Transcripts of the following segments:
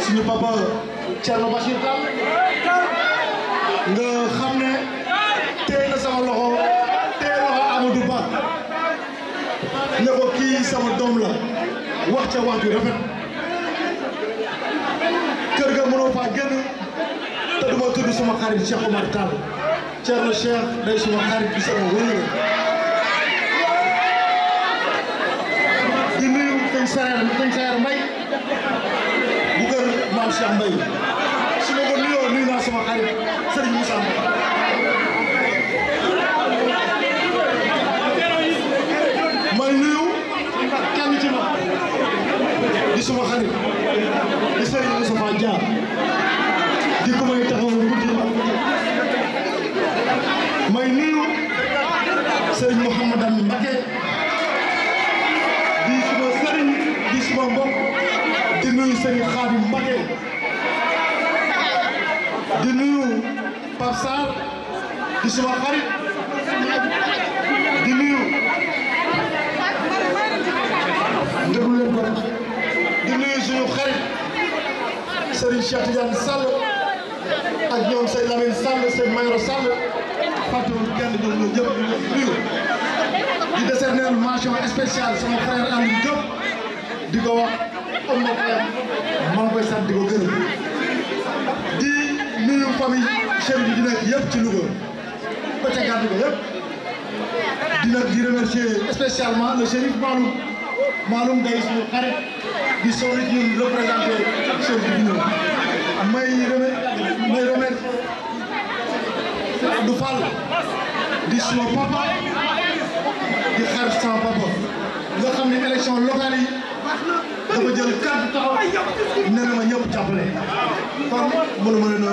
suñu papa bashir tam nga xamne ne sama loxo téye loxo Amadou Ba ne ko ki sama dom la wax ca wax yu rafet keur ga mëno fa gën te duma tuddu sama xarit Cheikh Omar Tall Thierno Cheikh day sama xarit bi sama wëlu di nuyu Sëñ Saer Sëñ Saer maam Cheikh Mbaye su ma ko nuyoo nuyu naa sama xarit may nuyu kenn ci ma di sama xarit di Serigne Moussa Dia di ko may taxaw guddi may nuyu Serigne Mouhamadou Mbacké di sama di sama mbokk di nuyu Serigne di nuyu Pape di suma di nuyu di nuyu xarit Serigne Cheikh ak ñoom Serigne Lamine Sall Serigne Mayoro Sall fàttewul kenn ñoom ñoo ñëpp di nuyu di décerner mention spéciale sama frère Aliou di ko wax am na frère maa ngi koy sant di nuyu famille chef bi di nekk yëpp ci Louga di nag di remercier spécialement di sori ci ñun représenté chef di ñëw may remer may di suma papa di xarit papa nga xam élection locale yi dafa jël carte taxaw nee na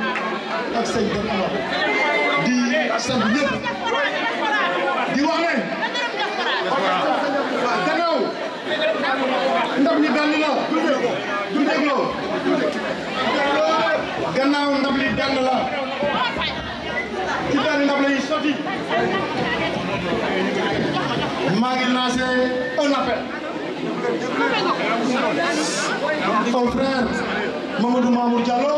ak sëñ Dame allah di sant ñëpp di wax ne. waaw gannaaw ndam li dal la du dégloo gannaaw ndam li dal la ci benn ndam la ñuy sotti maa ngi oh, lancé un appel. ton frère Mamadou Mamour Diallo.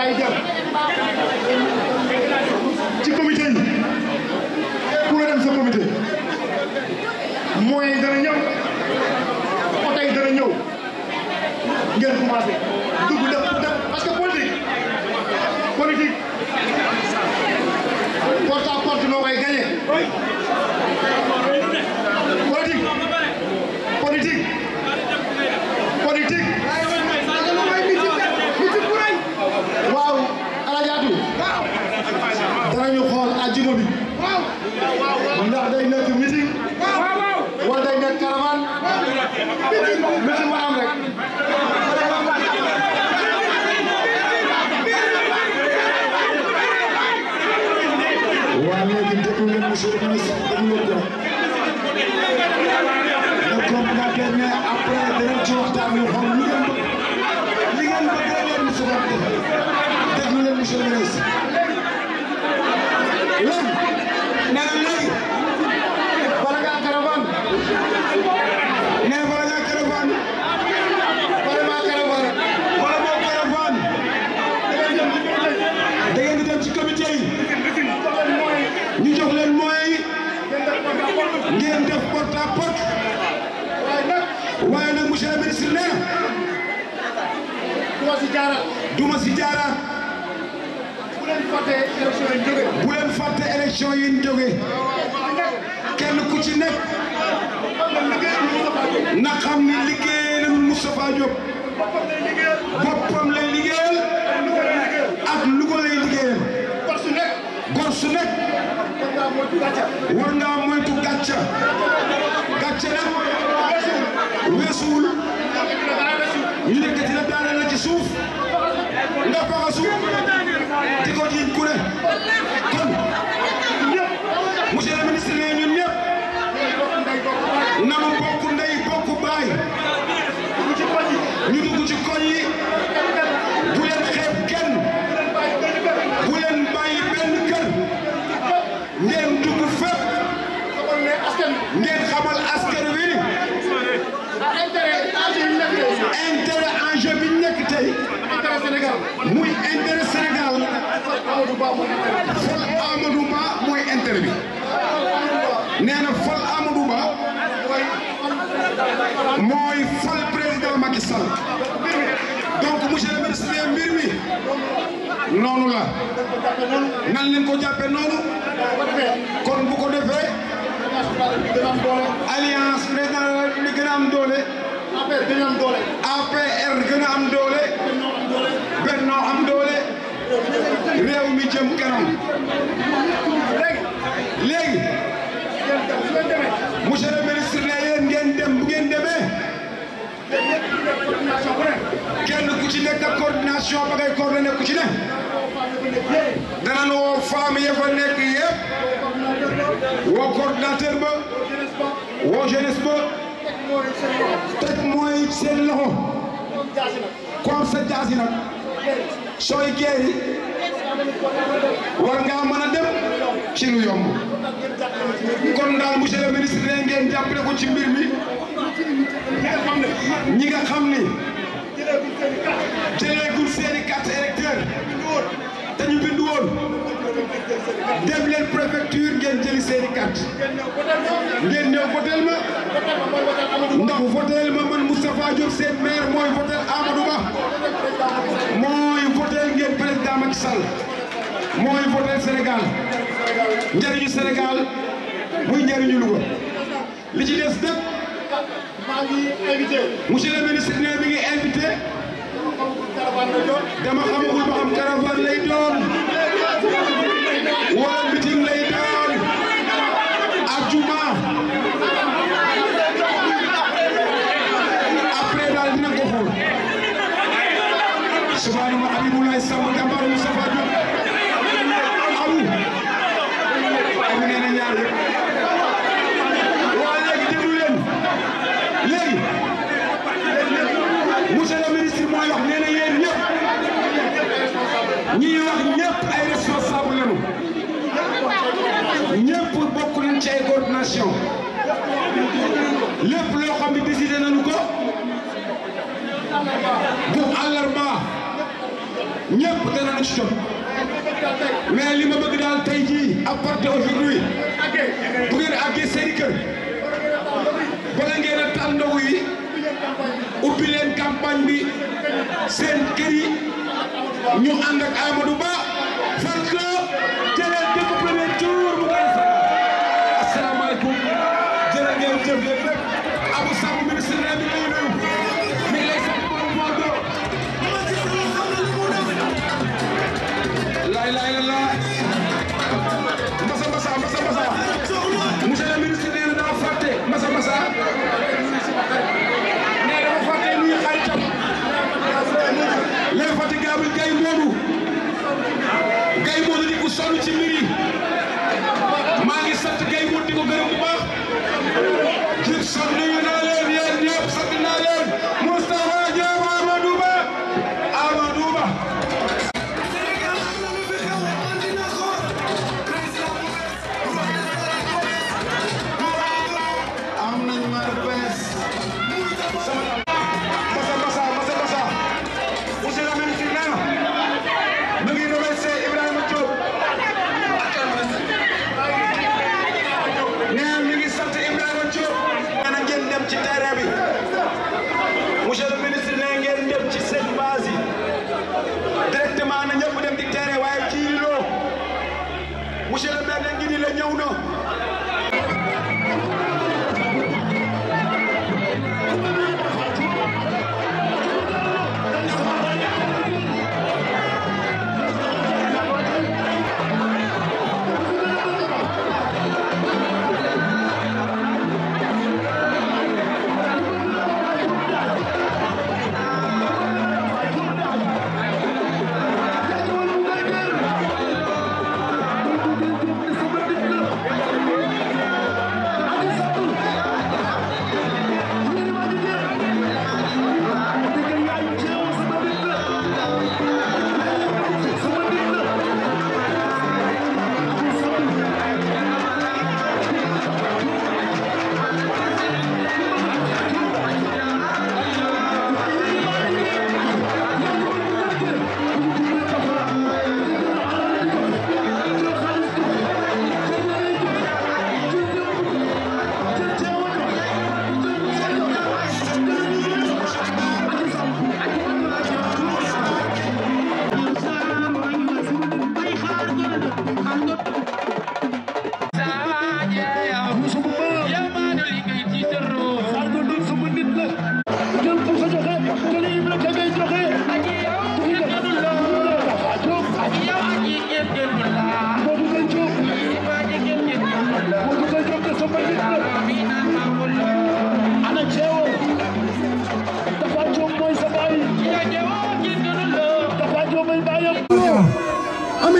ay jël ci comité yi ku la dem sa comité moyens yi dana ñëw oto yi dana ñëw ngeen commencé dugg def def parce que politique politique porte Djibo la porte waaye nag waaye nag monsieur le du ma si jaaraat du ma si jaaraat bu leen fàtte élection yi jóge kenn ku ci nekk na xam ni liggéey nañu Moustapha Diop boppam lay liggéeyal ak Louga lay liggéeyal gor nekk war ngaa moytu gàcca cere weesuwul ñu yëkkati la daane la ci suuf nga faxasu di ko jiiñ ku ne nan leen ko jàppe noonu kon bu ko defee alliance président de gën am doole APR gën a am doole APR gën a am doole Benno am doole réew mi jëm kanam léegi monsieur le ministre ne yéen ngeen dem bu ngeen demee kenn ku ci nekk coordination ba ngay coordonné ku ci ne danañ woo femmes ya fa nekk yëpp woo coordinateur ba woo jeunesse ba teg mooy seen loxo comme sa jaasi nag sooy geeri war ngaa mën dem ci lu yomb kon daal monsieur le ministre nee ngeen jàppale ko ci mbir mi ñi nga xam ni jëleegul seeni carte électeur te ñu bindu woon dem leen préfecture ngeen jëli seeni carte ngeen ñëw votel ma ndax votel ma man Moustapha Diop seen maire moy votel Amadou Ba mooy votel ngeen président Macky Sall mooy votel Sénégal njëriñu Sénégal muy njëriñu Louga li ci des nag monsieur le ministre dama xamagul ba xam caravane lay doon wala meeting lay doon ajuma après daal dina ko xool subhanallah Abibulaay Samb ñëpp danañ ci jot mais li ma bëgg daal tey jii à partir aujourd'hui bu ngeen àggee seeni kër bala ngeen a taal ndogu yi ubbi leen campagne bi seen kër yi ñu ànd ak Amadou Ba fal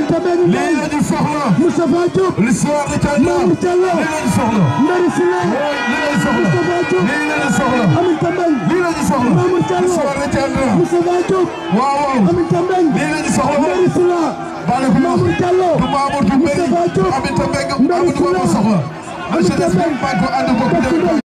Aminta Mbengue Mbaye lii leen soxla Moustapha Diop l'histoire de Thiala Mame Diallo lii leen soxla Ndari Sile lii leen soxla Moustapha Diop lii leen soxla Aminta Mbengue lii leen soxla Mame Diallo Moustapha Diop waaw waaw Aminta Mbengue lii leen soxla Ndari Sile Mame Diallo Moustapha Diop Aminta Mbengue Amadou Ba soxla Aminta Mbengue